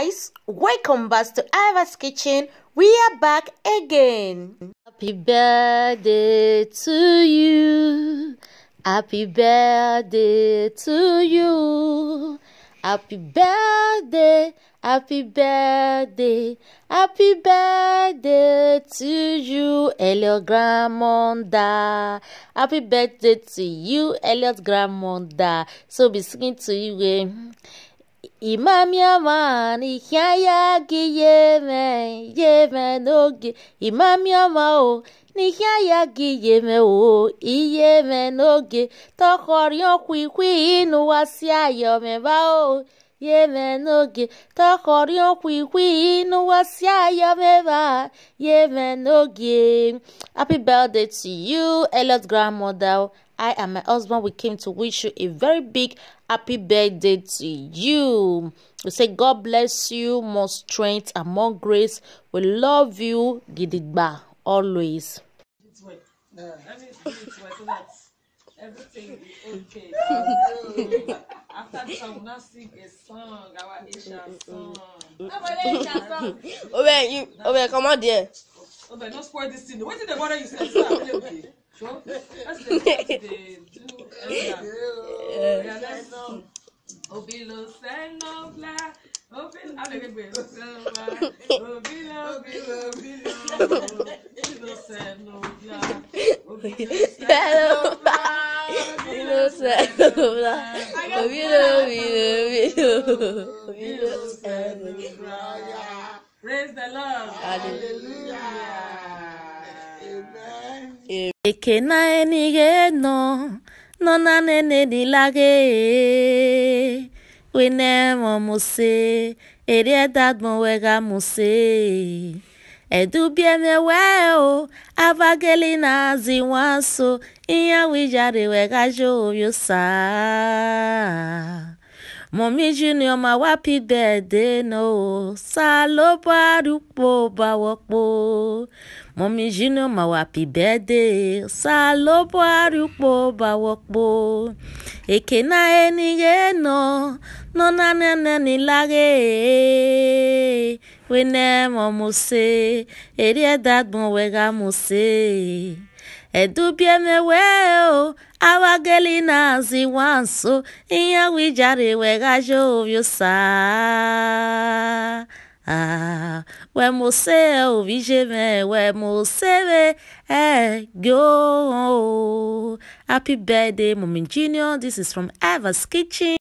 guys, welcome back to Iva's Kitchen. We are back again. Happy birthday to you. Happy birthday to you. Happy birthday, happy birthday, happy birthday to you, Elliot Grandmother. Happy birthday to you, Elliot Grandmother. So be singing to you. Eh? Imami ama ni hiaya gi yeme yeme no gi imami ama o ni hiaya gi yeme o iyeme no gi tokori okwi kwi inu wasi ayome ba o yemen oge tọkọrịọ kwikwi n'ụwa si aya meba yemen oge happy birthday to you elliot grandmother I and my husband, we came to wish you a very big happy birthday to you. We say, God bless you, more strength and more grace. We love you, Gidigba, always everything is okay. After this, I'm gonna sing a song, our Asia mm, mm, mm, song. Obe, you, Obe, come out there. Obe, don't spoil this thing. What did the mother you say? Sure. That's the they do. Yeah, let's know. Obi lo seno bla. Obi, I'm gonna be lo seno bla. Obi lo, Obi lo, Obi lo. Obi lo seno bla. Beatles, Praise the Lord. Hallelujah. Ekena enige no, no na nene dilage. We nemo muse, eriedad mo wega say edubienwe o avagelinazi nwanso ihe wijari azi mọ̀mí junior máa wá pí bẹ́ẹ̀ dénà o sá ló bá rúpò bá wọ́pọ̀ mọ̀mí junior máa wá pí bẹ́ẹ̀ dé sá ló bá rúpò bá èké na ẹni yé nà nọ́nà nẹ́nẹ́ ní láre wene momose eri edad bon wega mose edubie mewe o awageli nazi wanso iya wijari wega jovio sa ah we mose o vije me we mose me eh go happy birthday mom junior this is from Eva's kitchen